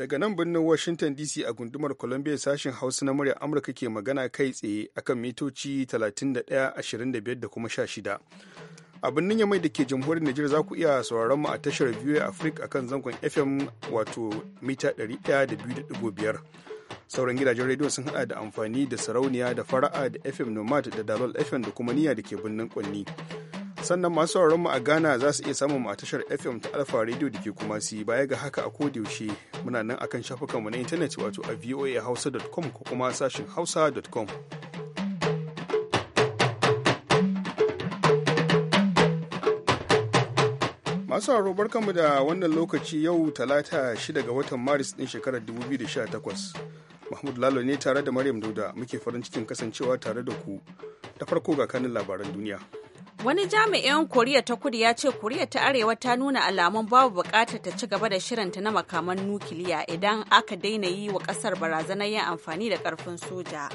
Daga nan birnin Washington DC a gundumar Columbia sashen Hausa na murya Amurka ke magana kai tsaye akan mitoci 31.25 da kuma 16. a birnin yamai da ke jamhuriyar Nijar za ku iya sauraron mu a tashar a Africa akan zangon FM wato mita 102.5 sauran gidajen rediyo sun hada da amfani da sarauniya da fara'a da FM Nomad da Dalol FM da kuma niyya da ke birnin Kwanni. sannan masu sauraron mu a Ghana za su iya samun mu a tashar FM ta Alfa Radio da ke kuma si baya ga haka a yaushe muna nan akan shafukanmu na intanet wato a voahausa.com ko kuma sashin hausa.com. Masu haro barkanmu da wannan lokaci yau talata 6 ga watan Maris ɗin shekarar 2018. Mahmud Lalo ne tare da Maryam Dauda muke farin cikin kasancewa tare da ku. ta farko ga kanin labaran duniya. Wani jami'in Koriya ta kudu ya ce Koriya ta Arewa ta nuna alamun babu bukatar ta ci gaba da shirinta na makaman nukiliya idan aka daina yi wa kasar barazanar yin amfani da karfin soja.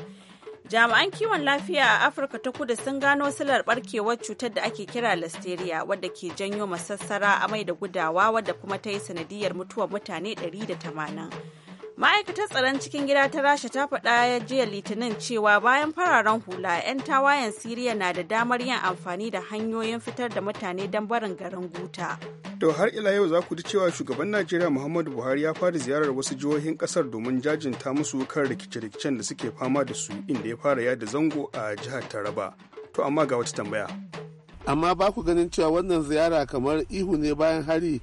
Jami'an kiwon lafiya a Afirka ta kudu sun gano silar barkewar cutar da ake kira listeria wadda ke janyo masassara amai da gudawa wadda kuma ta yi sanadiyar mutuwar mutane 180. ma'aikatar tsaron cikin gida ta rasha ta faɗa ya jiya litinin cewa bayan fararen hula 'yan tawayen siriya na da damar yin amfani da hanyoyin fitar da mutane don barin garin guta to har ila yau za ku ji cewa shugaban najeriya muhammadu buhari ya fara ziyarar wasu jihohin kasar domin jajinta musu kan rikice-rikicen da suke fama da su inda ya fara yada zango a jihar taraba to amma ga wata tambaya amma ba ku ganin cewa wannan ziyara kamar ihu ne bayan hari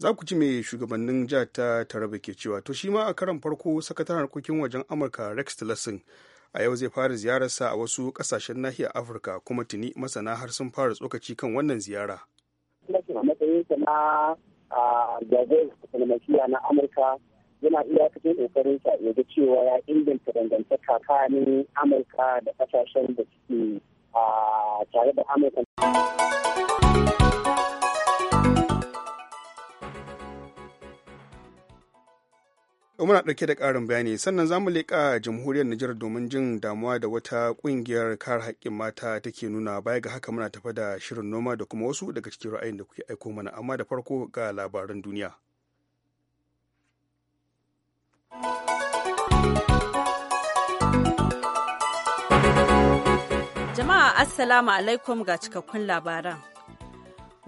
za ku ci mai shugabannin jihar ta taraba ke cewa to shi ma a karan farko sakataren harkokin wajen amurka rex tillerson a yau zai fara ziyararsa a wasu kasashen nahiyar afirka kuma tuni masana har sun fara tsokaci kan wannan ziyara na amurka yana iyakacin kokarin sa ya ga cewa ya inganta dangantaka tsakanin amurka da kasashen da suke tare da amurka muna ɗauke da ƙarin bayani sannan za mu leƙa jamhuriyar Nijar domin jin damuwa da wata ƙungiyar kare haƙƙin mata take nuna baya ga haka muna tafa da shirin noma da kuma wasu daga cikin ra'ayin da kuke aiko mana amma da farko ga labaran duniya. Jama'a Assalamu alaikum ga cikakkun labaran.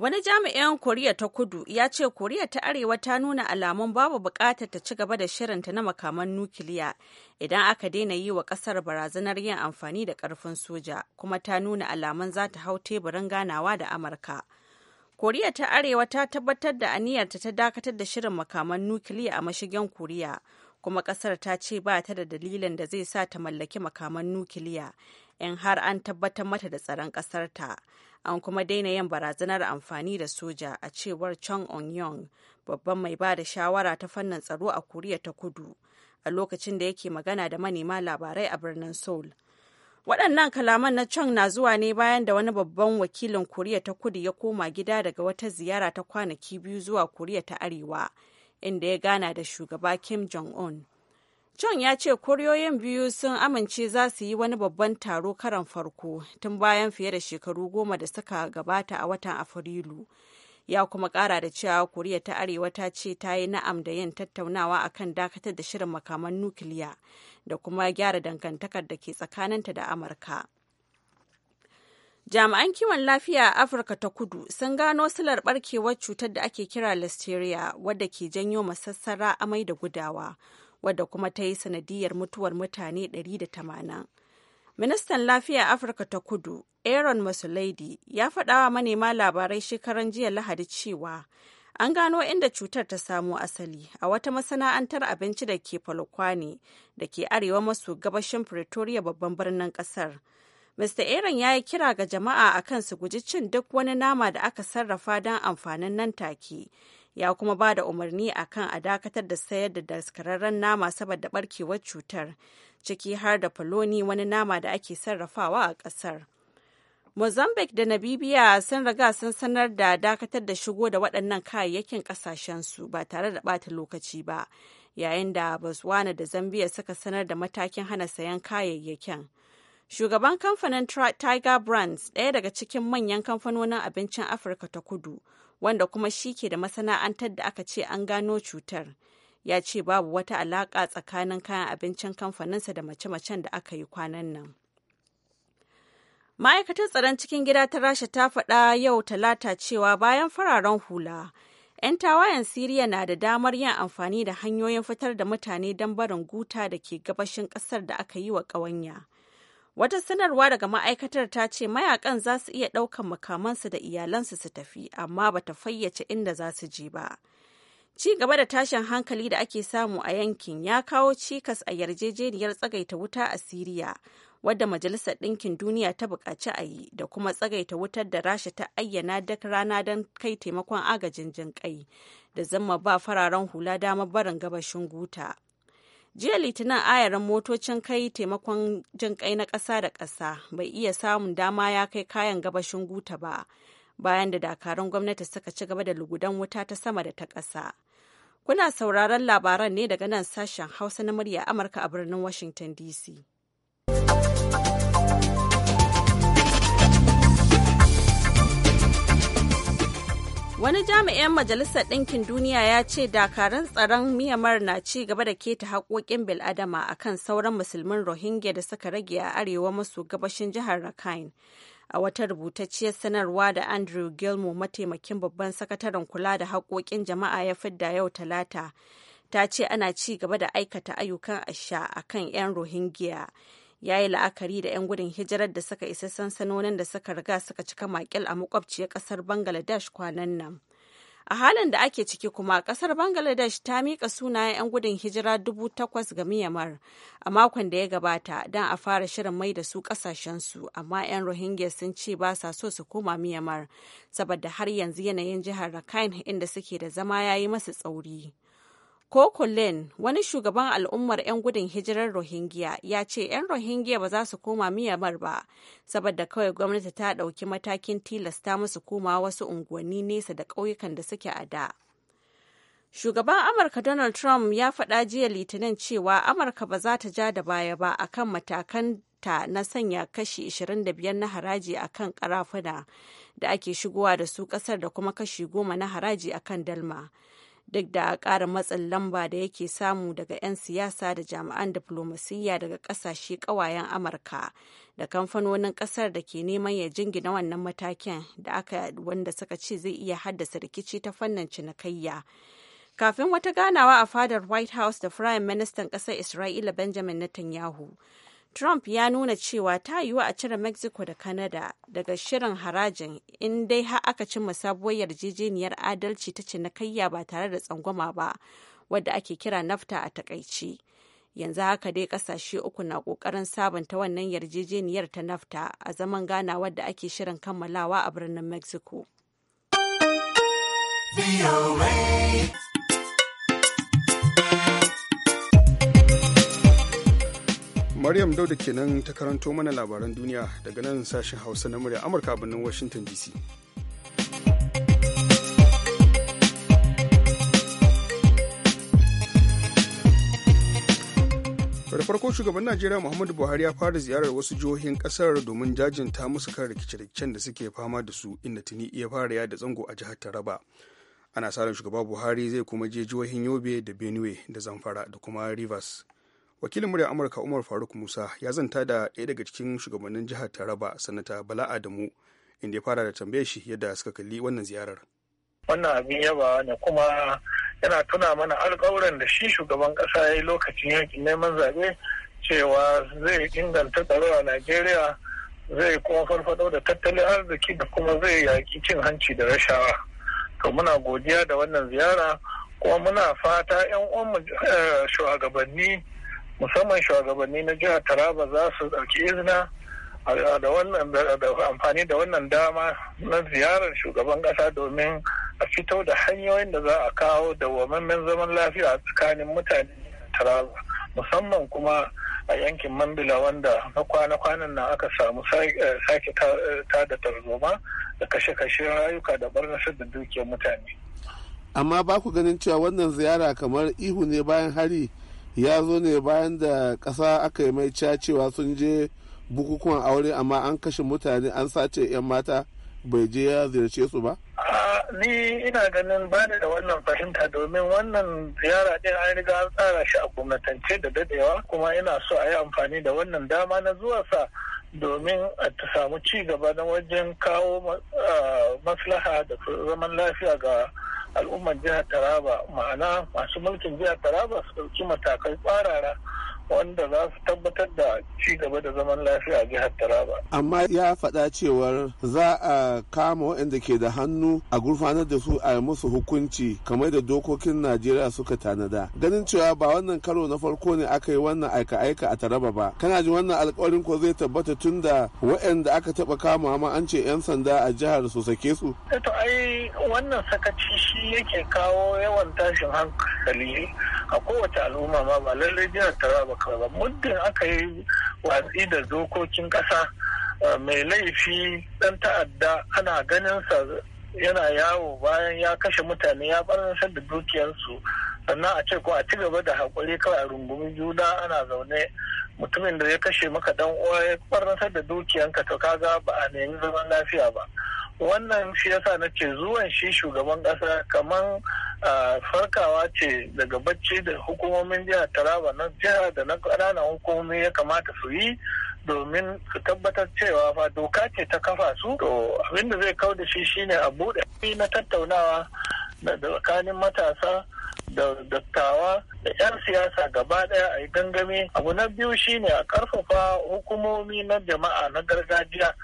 Wani jami'in Koriya ta kudu ya ce Koriya ta Arewa ta nuna alamun babu bukatar ta ci gaba da shirinta na makaman nukiliya idan aka daina yi wa kasar barazanar yin amfani da karfin soja kuma ta nuna alamun za ta hau teburin ganawa da Amurka. Koriya ta Arewa ta tabbatar da aniyarta ta dakatar da shirin makaman nukiliya a mashigin Koriya kuma kasar ta ce ba ta da dalilin da zai sa ta mallaki makaman nukiliya in har an tabbatar mata da tsaron ƙasarta. An kuma daina yin barazanar amfani da soja a cewar Chong On-yong, babban mai ba da shawara ta fannin tsaro a Koriya ta Kudu, a lokacin da yake magana da manema labarai a birnin Seoul. waɗannan kalaman na chong na zuwa ne bayan da wani babban wakilin koriya ta kudu ya koma gida daga wata ziyara ta kwanaki biyu zuwa koriya ta arewa inda ya gana da shugaba kim jong-un John ya ce koriyoyin biyu sun amince za su yi wani babban taro karan farko tun bayan fiye da shekaru goma da suka gabata a watan Afrilu. Ya kuma kara da cewa Koriya ta Arewa ta ce ta yi na'am da yin tattaunawa a kan dakatar da shirin makaman nukiliya da kuma gyara dangantakar da ke tsakaninta da Amurka. Jami'an kiwon lafiya a Afirka ta kudu sun gano silar barkewar cutar da ake kira listeria wadda ke janyo masassara amai da gudawa. wadda kuma ta yi sanadiyar mutuwar mutane 180 ministan lafiya afirka ta kudu aaron masulaidi ya faɗawa manema labarai shekaran jiya lahadi cewa an gano inda cutar ta samo asali a wata masana'antar abinci da ke polokwane da ke arewa maso gabashin pretoria babban birnin ƙasar. mr aaron ya yi kira ga jama'a a kan su guji cin duk wani nama da aka sarrafa don amfanin nan take ya kuma ba da umarni a kan a dakatar da sayar da daskararren nama saboda barkewar cutar ciki har da faloni wani nama da ake sarrafawa a ƙasar. Mozambique da Namibia sun riga sun sanar da dakatar da shigo da waɗannan kayayyakin su ba tare da ɓata lokaci ba, yayin da Botswana da Zambia suka sanar da matakin hana sayan kayayyakin. Shugaban kamfanin Tiger Brands, ɗaya daga cikin manyan kamfanonin abincin Afirka ta kudu, wanda kuma shi ke da masana'antar da aka ce an gano cutar ya ce babu wata alaƙa tsakanin kayan abincin kamfaninsa da mace-macen da aka yi kwanan nan ma'aikatar tsaron cikin gida ta rasha ta faɗa yau talata cewa bayan fararen hula 'yan tawayen siriya na da damar yin amfani da hanyoyin fitar da mutane don barin guta da ke gabashin ƙasar da aka yi wa ƙawanya. Wata sanarwa daga ma'aikatar ta ce mayakan za su iya ɗaukan makamansu da iyalansu su tafi, amma ba ta fayyace inda za su je ba. Ci gaba da tashin hankali da ake samu a yankin ya kawo cikas a yarjejeniyar tsagaita wuta a Siriya, wadda Majalisar Ɗinkin Duniya ta buƙaci a yi, da kuma tsagaita wutar da Rasha ta ayyana duk rana don kai taimakon agajin jinƙai, da zama ba fararen hula damar barin gabashin guta. jiya litinin ayaran motocin kai taimakon jin kai na ƙasa da ƙasa bai iya samun dama ya kai kayan gabashin guta ba bayan da dakarun gwamnati suka ci gaba da lugudan wuta ta sama da ta ƙasa kuna sauraron labaran ne daga nan sashen hausa na murya amurka a birnin washington dc Wani jami'in Majalisar Ɗinkin Duniya ya ce dakarun tsaron Myanmar na ci gaba da keta haƙoƙin bil'adama a kan sauran musulmin Rohingya da suka rage a arewa maso gabashin jihar Rakhine. A wata rubutacciyar sanarwa da Andrew gilmo mataimakin babban sakataren kula da haƙoƙin jama'a ya fidda yau talata, ta ce ana ci gaba da aikata ayyukan asha a kan 'yan Rohingya. ya yi la'akari da 'yan gudun hijirar da suka isa sansanonin da suka riga suka cika makil a makwabciyar kasar bangladesh kwanan nan a halin da ake ciki kuma kasar bangladesh ta mika sunayen 'yan gudun hijira dubu takwas ga miyamar a makon da ya gabata don a fara shirin mai da su kasashensu amma 'yan rohingya sun ce ba sa so su koma miyamar saboda har yanzu yanayin jihar rakhine inda suke da zama ya yi masu tsauri Koko Len, wani shugaban al'ummar 'yan gudun hijirar Rohingya, ya ce 'yan Rohingya ba za su koma Myanmar ba, saboda kawai gwamnati ta ɗauki matakin tilasta musu koma wasu unguwanni nesa da ƙauyukan da suke a da. Shugaban Amurka Donald Trump ya faɗa jiya Litinin cewa Amurka ba za ta ja da baya ba akan matakan ta na sanya kashi 25 na haraji a kan karafuna da ake shigowa da su kasar da kuma kashi 10 na haraji a kan dalma duk da ƙara matsin lamba da yake samu daga 'yan siyasa da jami'an diflomasiyya daga ƙasashe ƙawayen amurka da kamfanonin ƙasar da ke neman ya jingina wannan matakin da aka wanda suka ce zai iya haddasa rikici ta fannin cinikayya kafin wata ganawa a fadar white house da firayim ministan ƙasar isra'ila benjamin netanyahu Trump ya nuna cewa ta yiwu a cire Mexico da Canada daga shirin harajin in dai har aka cimma sabuwar yarjejeniyar adalci ta na cinikayya ba tare da tsangwama ba, wadda ake kira NAFTA a takaici. Yanzu haka dai kasashe uku na kokarin sabunta wannan yarjejeniyar ta NAFTA a zaman gana wadda ake shirin kammalawa a birnin Mexico. Maryam Dauda kenan ta karanto mana labaran duniya daga nan sashen Hausa na murya Amurka birnin Washington DC. da farko shugaban najeriya muhammadu buhari ya fara ziyarar wasu jihohin kasar domin jajinta musu kan rikice-rikicen da suke fama da su inda tuni iya fara yada zango a jihar taraba ana sa ran shugaba buhari zai kuma je jihohin yobe da benue da zamfara da kuma rivers wakilin murya amurka umar faruk musa ya zanta da ɗaya daga cikin shugabannin jihar taraba sanata bala adamu inda ya fara da tambaye shi yadda suka kalli wannan ziyarar wannan abin yaba ne kuma yana tuna mana alkawuran da shi shugaban ƙasa ya yi lokacin yankin neman zaɓe cewa zai inganta tsaro a najeriya zai kuma farfado da tattalin arziki da kuma zai yaki cin hanci da rashawa to muna godiya da wannan ziyara kuma muna fata 'yan uwan eh, shugabanni musamman shugabanni na jihar taraba za su ɗauki izina da amfani da wannan dama na ziyarar shugaban ƙasa domin a fito da hanyoyin da za a kawo da wamanmen zaman lafiya tsakanin mutane taraba musamman kuma a yankin mambila wanda na kwana-kwanan nan aka samu eh, sake eh, ta da tarzoma da kashe-kashe rayuka da barnasar da dukiyar mutane amma ba ku ganin cewa wannan ziyara kamar ihu ne bayan hari ya zo ne bayan da ƙasa aka yi mai cewa sun je bukukuwan aure amma an kashe mutane an sace 'yan mata bai je ya ziyarce su ba? ni ina ganin ba da wannan fahimta domin wannan ziyara ɗin an riga an tsara shi a gwamnatance da dadewa kuma ina so a yi amfani da wannan dama na zuwa sa domin ta samu ci gaba na wajen kawo ah, maslaha da zaman lafiya ga al'ummar jihar taraba ma'ana masu mulkin jihar taraba su ɗauki matakai kwarara wanda za su tabbatar da ci gaba da zaman lafiya a jihar Taraba. Amma ya faɗa cewar za a kama waɗanda ke da hannu a gurfanar da su a musu hukunci kamar da dokokin Najeriya suka tanada. Ganin cewa ba wannan karo na farko ne aka yi wannan aika-aika a Taraba ba. Kana ji wannan alƙawarin ko zai tabbata tun da waɗanda aka taɓa kama ma an ce 'yan sanda a jihar su sake su. Eto eh ai wannan sakaci shi yake kawo yawan tashin hankali a kowace al'umma ma ba lallai jihar Taraba ɗauka ba muddin aka yi watsi da dokokin ƙasa eh, mai laifi dan ta'adda ana ganinsa yana yawo bayan ya kashe mutane ya barnasar da dukiyarsu sannan a ce ko a ci gaba da haƙuri kawai a rungumi juna ana zaune mutumin da ya kashe maka dan uwa ya barnasar da dukiyanka to kaga ba a nemi zaman lafiya ba wannan shi yasa na ce zuwan shi shugaban ƙasa kamar farkawa ce daga bacci da hukumomin jihar taraba na jihar da na ƙananan hukumomi ya kamata su yi domin su tabbatar cewa fa doka ce ta kafa su to abinda zai kau da shi shine a buɗe na tattaunawa da tsakanin matasa da dattawa da 'yan siyasa gaba daya a yi gangami abu na biyu shine a karfafa hukumomi na jama'a na gargajiya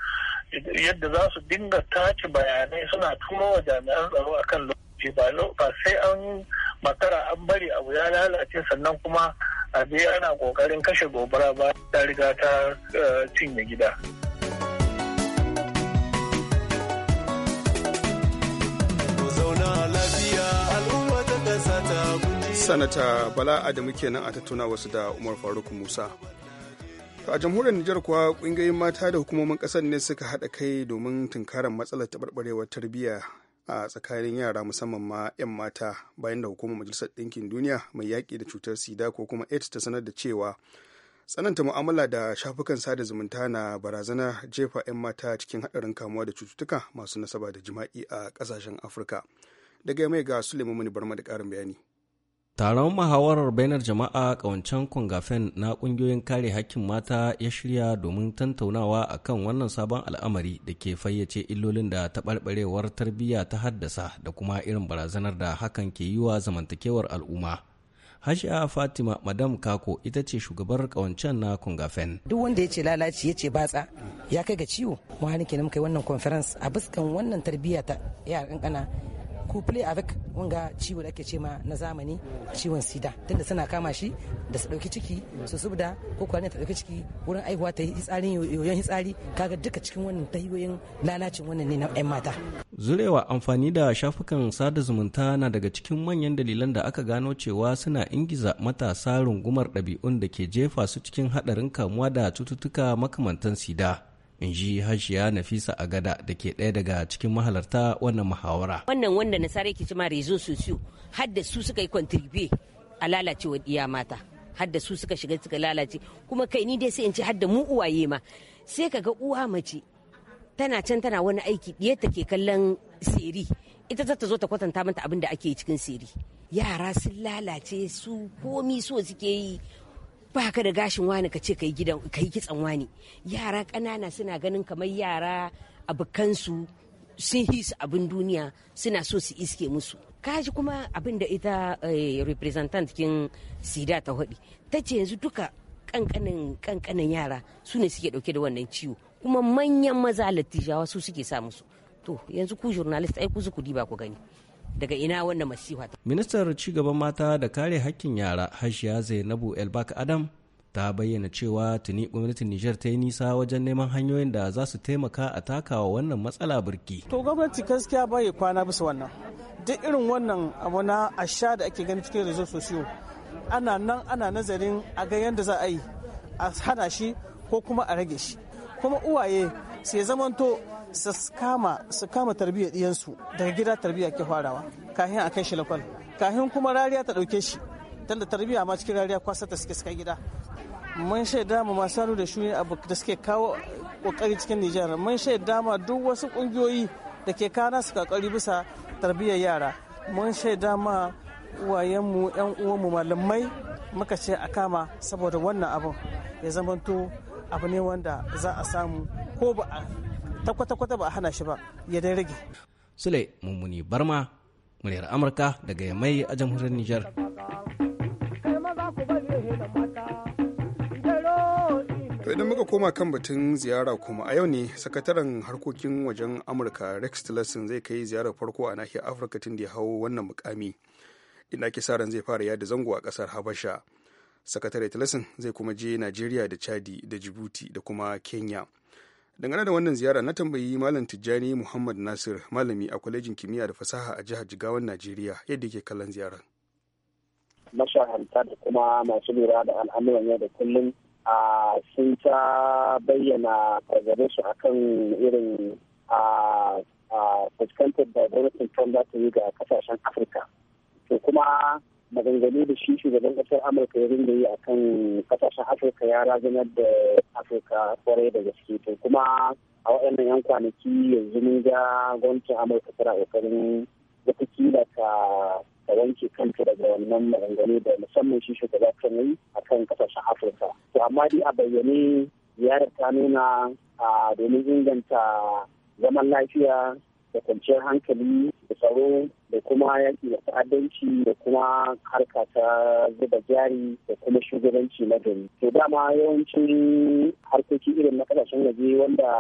yadda za su dinga tace bayanai suna turo wa jami'an tsaro akan lokaci ba sai an makara an bari abu ya lalace sannan kuma a ana kokarin kashe gobara ba ta riga ta eh, cinye gida. sanata bala adamu kenan a tattauna wasu da umar faruk musa a jamhuriyar nijar kuwa ƙungiyoyin mata da hukumomin ƙasar ne suka haɗa kai domin tunkarar matsalar taɓarɓarewar tarbiyya a tsakanin yara musamman ma 'yan mata bayan da hukumar majalisar ɗinkin duniya mai yaƙi da cutar sida ko kuma aids ta sanar da cewa tsananta mu'amala da shafukan sada zumunta na barazana jefa 'yan mata cikin haɗarin kamuwa da cututtuka masu nasaba da jima'i a ƙasashen afirka daga mai ga suleiman barma da ƙarin bayani Taron muhawarar bainar jama'a ƙawancen kwangafen na ƙungiyoyin kare hakkin mata ya shirya domin tantaunawa akan wannan sabon al'amari da ke fayyace illolin da taɓarɓarewar tarbiyya ta haddasa da kuma irin barazanar da hakan ke yi wa zamantakewar al'umma. Hajiya Fatima Madam Kako ita ce shugabar kawancen na Kungafen. Duk wanda ya ce lalaci ya ce batsa ya kai ga ciwo. Mu hannun kenan kai wannan conference a buskan wannan tarbiyya ta yaran kana couple avec wanga ciwo da ake ce ma na zamani ciwon sida tunda suna kama shi da su dauki ciki su subda ko kuwa ta dauki ciki wurin aihuwa ta yi hitsarin yoyon hitsari kaga duka cikin wannan tahiyoyin lalacin wannan ne na yan mata zurewa amfani da shafukan sada zumunta na daga cikin manyan dalilan da aka gano cewa suna ingiza matasa rungumar ɗabi'un da ke jefa su cikin haɗarin kamuwa da cututtuka makamantan sida in ji hajiya nafisa a gada da ke ɗaya daga cikin mahalarta wannan muhawara wannan wanda nasara yake cima rezo sosiyo har da su suka yi kwantiribe a lalacewa iya mata har su suka shiga suka lalace kuma kai ni dai sai in ci har da mu uwaye ma sai ka ga uwa mace tana can tana wani aiki ɗaya ta ke kallon seri ita za ta zo ta kwatanta mata abin da ake cikin siri yara sun lalace su komi so suke yi ba ka da gashin wani ka ce ka yi kitsan wani yara ƙanana suna ganin kamar yara abokansu sun hisu su abin duniya suna so su iske musu kaji kuma abin da ita eh, representant kin sida ta haɗi ta ce yanzu duka kankanin kankanin yara su ne suke ɗauke da wannan ciwo kuma manyan maza lattijawa su suke sa musu to yanzu ku journalist ai ku ku ba ku gani daga ina wannan masifa ta. Ministar cigaban mata da kare hakkin yara Hashiya Zainabu Elbak Adam ta bayyana cewa tuni gwamnatin niger ta yi nisa wajen neman hanyoyin da za su taimaka a takawa wannan matsala birki. To gwamnati gaskiya ya kwana bisa wannan. Duk irin wannan abu na asha da ake gani cikin rezo sosiyo ana nan ana nazarin a ga yadda za a yi a hana shi ko kuma a rage shi. Kuma uwaye sai zamanto su kama su kama tarbiyyar diyansu daga gida tarbiyya ke farawa kahin a kai shi lakwal kahin kuma rariya ta ɗauke shi tun da tarbiyya ma cikin rariya kwasa ta suke suka gida mun shaida mu masu da shuni abu da suke kawo kokari cikin Nijar mun shaida ma duk wasu kungiyoyi da ke kana su kokari bisa tarbiyyar yara mun shaida ma mu yan uwanmu malamai muka ce a kama saboda wannan abun ya zamanto abu ne wanda za a samu ko ba a ta kwata-kwata ba a hana shi ba ya dai rage sule mummuni barma muryar amurka daga mai a jamhuriyar niger to idan muka koma kan batun ziyara kuma a yau ne sakataren harkokin wajen amurka rex tillerson zai kai ziyarar farko a nahiyar afirka tun da ya hau wannan mukami ina ke ran zai fara yada zango a kasar habasha sakatare tillerson zai kuma je najeriya da chadi da jibuti da kuma kenya dangane da wannan ziyara na tambayi malam tijjani muhammad nasir malami a kwalejin kimiyya da fasaha a jihar jigawan najeriya yadda ke kallon ziyarar mashaharta da kuma masu lura da al'amuran yau da kullum a sun ta bayyana su akan irin a fuskantar da gwamnatin trump za ta yi ga kasashen afirka to kuma maganganu da shi shugaban kasar amurka ya rinda yi a kan kasashen afirka ya razanar da afirka kwarai da gaske to kuma a waɗannan yan kwanaki yanzu mun ga gwamnatin amurka tana ƙoƙarin kila ta ta wanke kanta daga wannan maganganu da musamman shi shugaba kan yi a kan kasashen afirka to amma dai a bayyane ziyarar ta nuna domin inganta zaman lafiya da kwanciyar hankali da tsaro da kuma yaƙi da ta'addanci da kuma harka ta zuba jari da kuma shugabanci na gari. To dama yawancin harkoki irin na ƙasashen waje wanda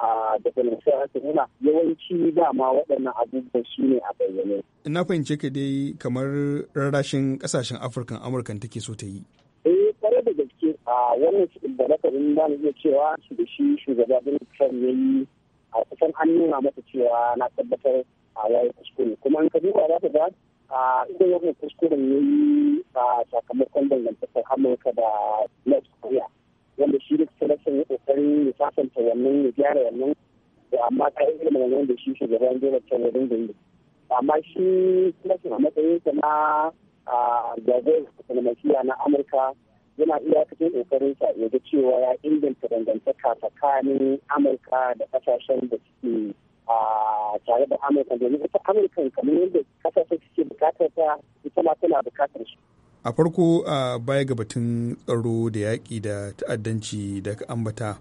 a da faransa ta nuna yawanci dama waɗannan abubuwan su ne a bayyane. Ina fahimce ka dai kamar rarrashin ƙasashen Afirkan Amurkan take so ta yi. Eh, kware da gaske a wannan cikin da na iya cewa su da shi shugaba Donald Trump ya yi a kusan an nuna masa cewa na tabbatar a yayi kuskure kuma in ka duba za ka ga a ido wannan kuskuren ya yi a sakamakon dangantakar amurka da north korea wanda shi duk selection ya kokarin ya sasanta wannan ya gyara wannan da amma ta yi ilimin wannan da shi shugaban jihar wurin da yi amma shi selection a matsayin sa na jagorar diplomasiya na amurka yana iya cikin kokarin sa ya ga cewa ya inganta dangantaka tsakanin amurka da kasashen da suke a tare da amurka domin ita amurka kamar yadda kasashen suke bukatar ta ita ma tana bukatar shi a farko a baya ga batun tsaro da yaƙi da ta'addanci da ka ambata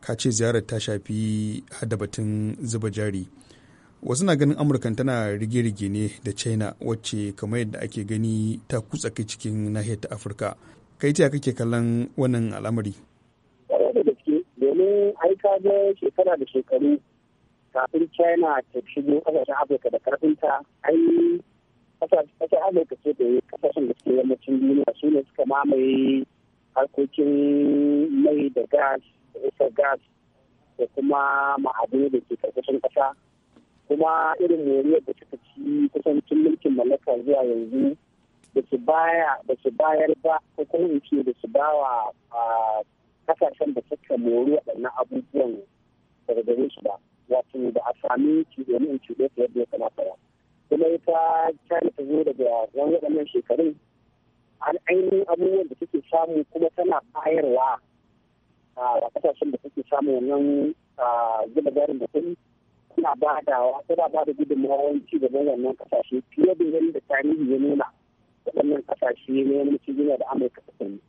ka ce ziyarar ta shafi hada batun zuba jari wasu na ganin amurkan tana rige-rige ne da china wacce kamar yadda ake gani ta kutsa cikin nahiyar ta afirka kai ta kake kallon wannan al'amari da gaske domin ai ka ga shekara da shekaru kafin china ta shigo kasashen afirka da karfinta ai kasashen amurka ce da kasashen da suke yammacin duniya su ne suka mamaye harkokin mai da gas da gas da kuma ma'adinai da ke karkashin kasa kuma irin moriyar da suka ci kusan tun mulkin mallaka zuwa yanzu da su baya da su bayar ba ko kuma in ce da su bawa kasashen da suka mori waɗannan abubuwan daga gare su ba wato da a sami cibiyar in cibiyar da yadda ya kamata ba kuma ita ta ta zo daga wani waɗannan shekarun an ainihin abubuwan da suke samu kuma tana bayarwa a kasashen da suke samu wannan zuba jarin da kuɗi tana ba da gudummawar ba da gudunmawar ci gaban wannan kasashe fiye da yadda tarihi ya nuna waɗannan ƙasashe na yammacin duniya da amurka ta sani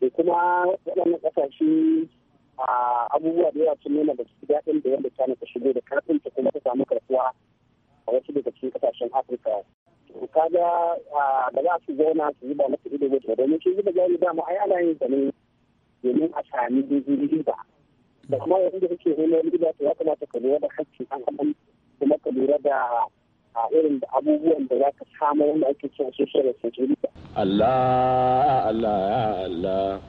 da kuma waɗannan ƙasashe abubuwa da yawa sun nuna da su daɗin da yadda china ta shigo da karfin ta kuma ta samu karfuwa a wasu daga cikin ƙasashen afirka to kaga da za su zauna su zuba masu ido ba domin shi zuba jari mu ai ana yin sani domin a sami riba da kuma yanzu da kake nuna riba to ya kamata ka lura da haƙƙin an kuma ka lura da a irin da abubuwan da za ka samar wanda ake cewa social Allah Allah Allah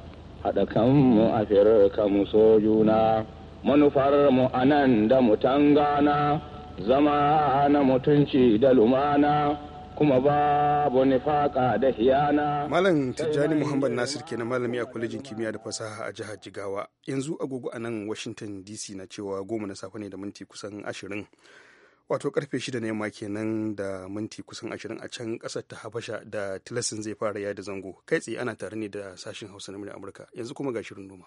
haɗa kanmu a firar mu so juna manufar mu anan da mutan gana. zama na mutunci da lumana kuma babu nifaka da hiyana. Malam Tijjani Muhammad Nasir kenan malami a kwalejin kimiyya da fasaha a jihar Jigawa. Yanzu agogo a nan Washington DC na cewa goma na safe ne da minti kusan ashirin. wato karfe shida na yamma kenan da minti kusan ashirin a can kasar ta habasha da tilasin zai fara yada zango kai tsaye ana tare ne da sashen hausa na amurka yanzu kuma ga shirin noma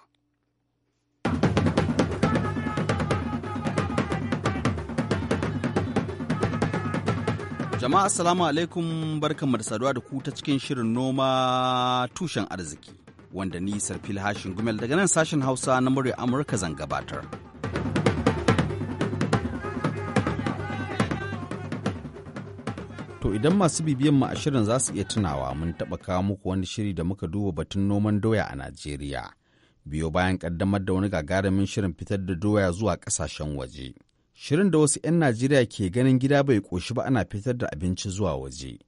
jama'a assalamu alaikum barkanmu da saduwa da ku ta cikin shirin noma tushen arziki wanda ni sarfil hashin gumel daga nan sashen hausa na murya amurka zan gabatar To idan masu bibiyan mu a shirin za su iya tunawa mun taɓa kawo muku wani shiri da muka duba batun noman doya a Najeriya. Biyo bayan ƙaddamar da wani gagarumin shirin fitar da doya zuwa ƙasashen waje. Shirin da wasu 'yan Najeriya ke ganin gida bai ƙoshi ba ana fitar da abinci zuwa waje.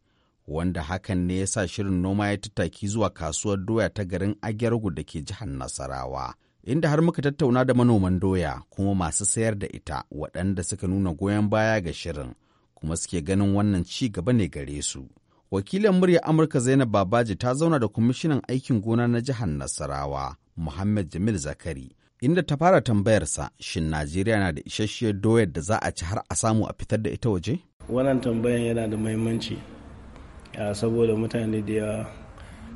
Wanda hakan ne ya sa shirin noma ya tattaki zuwa kasuwar doya ta garin agergu da ke jihar Nasarawa. inda har muka tattauna da manoman doya kuma masu sayar da ita waɗanda suka nuna goyon baya ga shirin kuma suke ganin wannan ci gaba ne gare su. Wakilin murya Amurka Zainab Babaji ta zauna da kwamishinan aikin gona na jihar Nasarawa, Muhammad Jamil Zakari, inda ta fara tambayarsa shin Najeriya na da isasshiyar doyar da za a ci har a samu a fitar da ita waje? Wannan tambayan yana da muhimmanci saboda mutane da yawa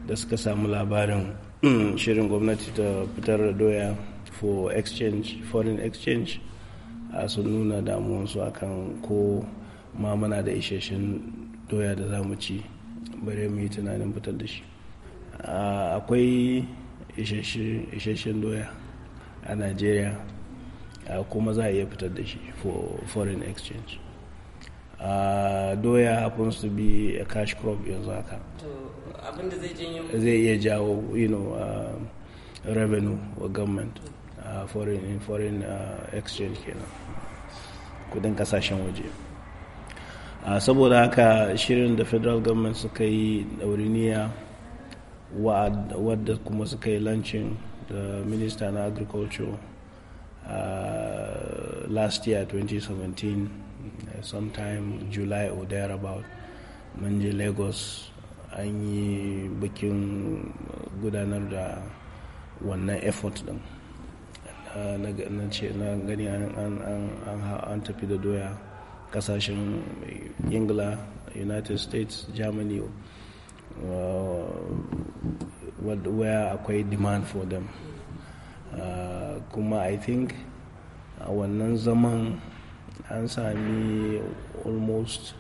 da suka samu labarin shirin gwamnati ta fitar da doya for exchange foreign exchange sun nuna damuwansu akan ko ma muna da isheshen doya da za mu ci bare mu yi tunanin fitar da shi akwai isheshen doya a najeriya kuma za a iya fitar da shi for foreign exchange doya happens to be a cash crop yanzu haka zai iya jawo you know, uh, revenue wa government uh, foreign, exchange kenan kudin kasashen waje saboda haka shirin da federal government suka yi dauriniya wadda kuma suka yi lancin da minista na agriculture uh, last year 2017 sometime july or thereabout mun je lagos an yi bikin gudanar da wannan effort din na gani an tafi da doya kasashen ingila united states germany uh, where akwai demand for them uh, kuma i think a wannan zaman an sami almost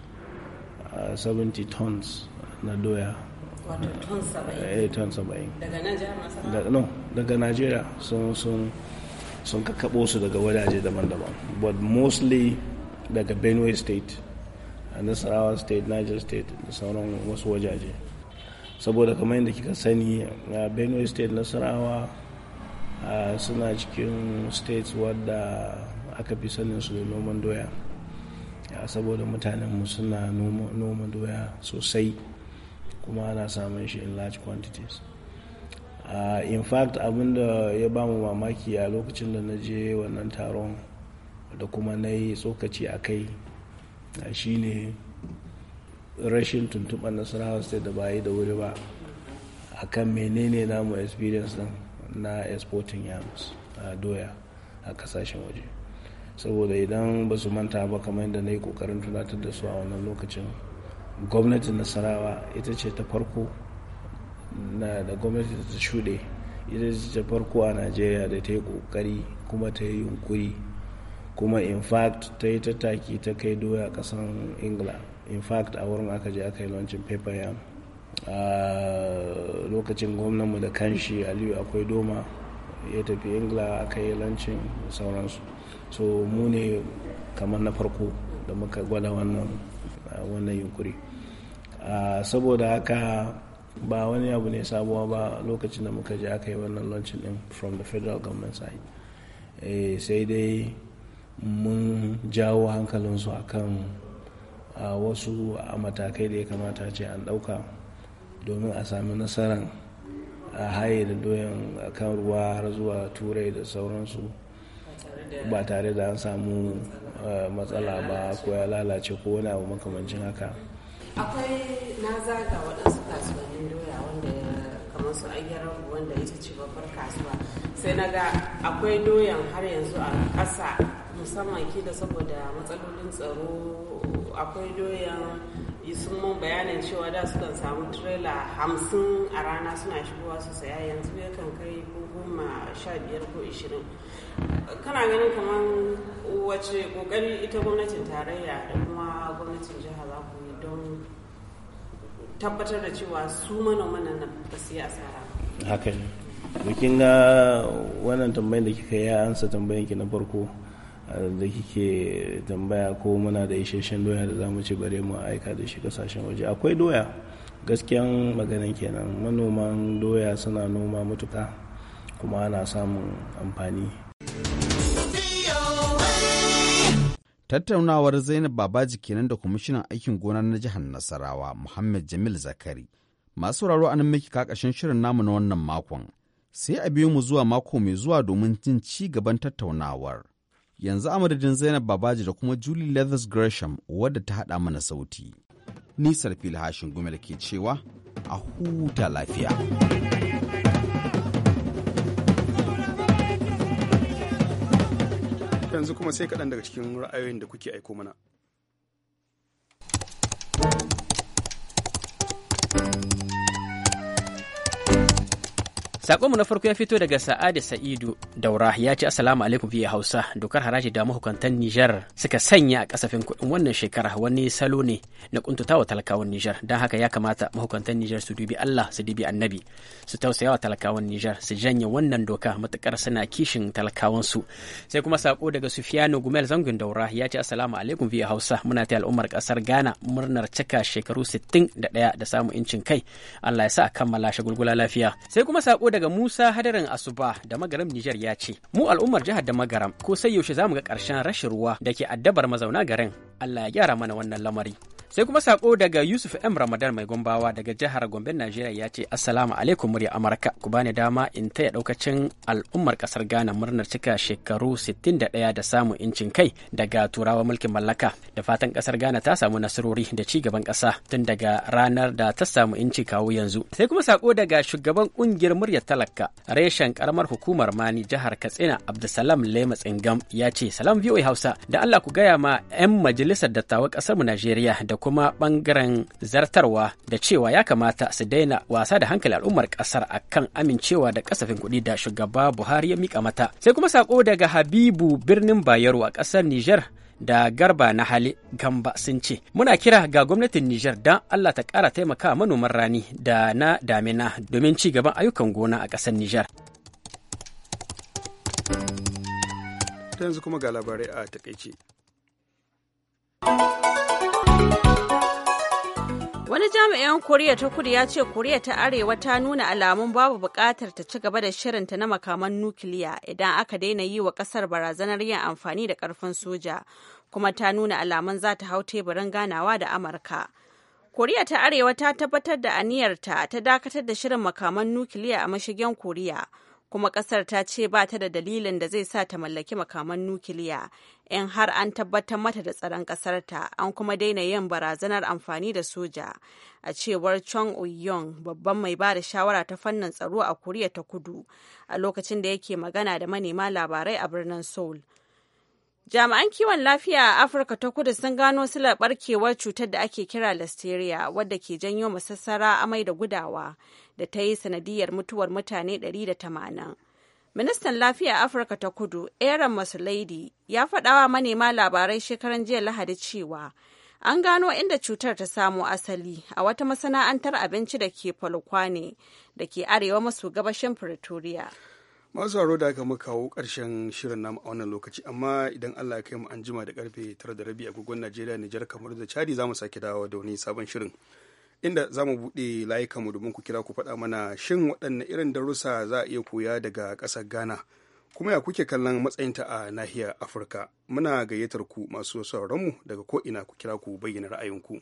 uh, 70 tons na doya wato eh, daga najeriya sun sun sun kakkaɓo su daga wadaje daban-daban but mostly daga benue state a nasarawa state niger state da sauran wasu wajaje saboda kamar yadda kika sani a benue state nasarawa suna cikin states wadda aka fi sanin su da noman doya saboda mutanenmu suna noma doya sosai kuma ana samun shi in large quantities in fact abinda ya bamu mamaki a lokacin da na je wannan taron da kuma na yi tsokaci a kai shine rashin tuntuɓar nasarawa state da bayi da wuri ba a kan menene namu experience na exporting yams a doya a kasashen waje saboda idan ba su manta ba kamar yadda na yi kokarin tunatar da su a wannan lokacin gwamnatin nasarawa ita ce ta farko na da gwamnati ta shuɗe ita ce ta farko a najeriya da ta yi kokari kuma ta yi yunkuri kuma in fact ta yi tattaki ta kai doya kasan ingila in fact a wurin aka je aka yi launching paper yam a lokacin gwamnanmu da kanshi aliyu akwai doma ya tafi ingila aka yi lancin sauransu so mu ne kamar na farko da muka gwada wannan wannan yunkuri saboda haka ba wani abu ne sabuwa ba lokacin da muka je aka yi wannan launching din from the federal government side eh, sai dai mun jawo hankalinsu a kan wasu matakai da ya kamata ce an ɗauka domin a sami nasarar a haye da doyan kan ruwa har zuwa turai da sauransu ba tare da an samu matsala ba ko ya lalace ko wani abu makamancin haka akwai na zaga waɗansu kasuwannin doya wanda kamar su ayyaran wanda ita ce babbar kasuwa sai na ga akwai doyan har yanzu a ƙasa musamman ke da saboda matsalolin tsaro akwai doyan sun mun bayanin cewa da sukan samu tirela hamsin a rana suna shigowa su saya yanzu ya kan kai ko goma sha biyar ko ishirin kana ganin kamar wace kokari ita gwamnatin tarayya da kuma gwamnatin jiha za ku yi don tabbatar da cewa su manoman nan ba su yi asara haka ne kin ga wannan tambayin da kika yi ansa tambayin ki na farko da kike tambaya ko muna da isasshen doya da zamu ci bare mu aika da shi kasashen waje akwai doya gaskiyan maganin kenan manoman doya suna noma matuka kuma ana samun amfani tattaunawar zainab babaji kenan da kwamishinan aikin gona na jihar nasarawa muhammad jamil zakari masu raro anan miki kakashin shirin namu na wannan makon sai a biyo mu zuwa mako mai zuwa domin jin ci gaban tattaunawar yanzu amadadin zainab babaji da kuma julie leathers gresham wadda ta haɗa mana sauti nisar filhashin gumel ke cewa a huta lafiya yanzu kuma sai kaɗan daga cikin ra'ayoyin da kuke aiko mana Sakonmu na farko ya fito daga Sa'adu Sa'idu Daura ya ce Assalamu alaikum biya Hausa dokar haraji da mahukuntan Nijar suka sanya a kasafin kuɗin wannan shekara wani salo ne na kuntutawa talakawan Nijar don haka ya kamata mahukuntan Nijar su dubi Allah su dubi Annabi su tausayawa talakawan Nijar su janye wannan doka matukar suna kishin talakawan su sai kuma sako daga Sufiyanu Gumel Zangun Daura ya ce Assalamu alaikum biya Hausa muna ta al'ummar kasar Ghana murnar cika shekaru 61 da samun incin kai Allah ya sa kammala shagulgula lafiya sai kuma sako daga Musa Hadarin Asuba da Magaram Nijar ya ce, Mu al'ummar jihar da Magaram ko sai yaushe za mu ga ƙarshen rashin ruwa da ke addabar mazauna garin. Allah ya gyara mana wannan lamari. sai kuma sako daga yusuf m ramadan mai gombawa daga jihar gombe najeriya ya ce assalamu alaikum murya amurka ku bani dama in taya daukacin al'ummar kasar ghana murnar cika shekaru 61 da samun incin kai daga turawa mulkin mallaka da fatan kasar ghana ta samu nasarori da ci gaban kasa tun daga ranar da ta samu inci kawo yanzu sai kuma sako daga shugaban kungiyar murya talaka reshen karamar hukumar mani jihar katsina abdulsalam lema tsingam ya ce salam voa hausa da allah ku gaya ma 'yan majalisar dattawan kasar mu najeriya da kuma bangaren zartarwa da cewa ya kamata su daina wasa da hankali al'ummar kasar kan amincewa da kasafin kuɗi da shugaba Buhari ya mika mata. Sai kuma sako daga Habibu birnin Bayero a ƙasar niger da garba na hali gamba sun ce muna kira ga gwamnatin niger don Allah ta ƙara taimaka manoman rani da na damina domin ci gaban ayyukan gona a ƙasar niger. yanzu kuma ga labarai a takaice. Wani jami'in Koriya ta kudu ya ce Koriya ta Arewa ta nuna alamun babu bukatar ta ci gaba da shirinta na makaman nukiliya idan aka daina yi wa kasar barazanar yin amfani da karfin soja, kuma ta nuna alamun za ta hau teburin ganawa da Amurka. Koriya ta Arewa ta tabbatar da aniyarta ta dakatar da shirin makaman nukiliya a mashigen Koriya, kuma kasar ta ce ba ta da dalilin da zai sa ta mallaki makaman nukiliya in har an tabbatar mata da tsaron kasarta an kuma daina yin barazanar amfani da soja a cewar chong uyong babban mai ba da shawara ta fannin tsaro a koriya ta kudu a lokacin da yake magana da manema labarai a birnin seoul Jami'an kiwon lafiya a Afirka ta kudu sun gano silar barkewar cutar da ake kira listeria wadda ke janyo masassara amai da gudawa da ta yi sanadiyar mutuwar mutane 180. Ministan lafiya a Afirka ta kudu, Aaron Masulaidi, ya faɗawa manema labarai shekaran jiya Lahadi cewa an gano inda cutar ta samo asali a wata masana'antar abinci da ke ke arewa maso gabashin Pretoria. masu haro da aka kawo karshen shirin namu a wannan lokaci amma idan allah ya kai mu an jima da karfe tara da rabi agogon najeriya nijar kamar da chadi za mu sake dawo da wani sabon shirin inda za mu buɗe mu domin ku kira ku faɗa mana shin waɗanne irin darussa za a iya koya daga ƙasar ghana kuma ya kuke kallon matsayinta a nahiyar afirka muna gayyatar ku masu sauraronmu daga ko ina ku kira ku bayyana ra'ayinku. ku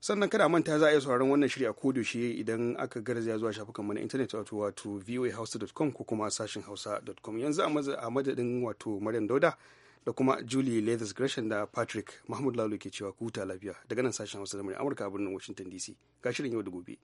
sannan kada manta za a iya sauraron wannan shirya ko yaushe idan aka garzaya zuwa shafukan mana intanet wato wato voahouse.com ko kuma sashen hausa.com yanzu a madadin wato maryam dauda da kuma julie leathers gresham da patrick mahmud lalo ke cewa kuta lafiya daga nan sashen hausa da amurka a birnin washington dc ga shirin yau da gobe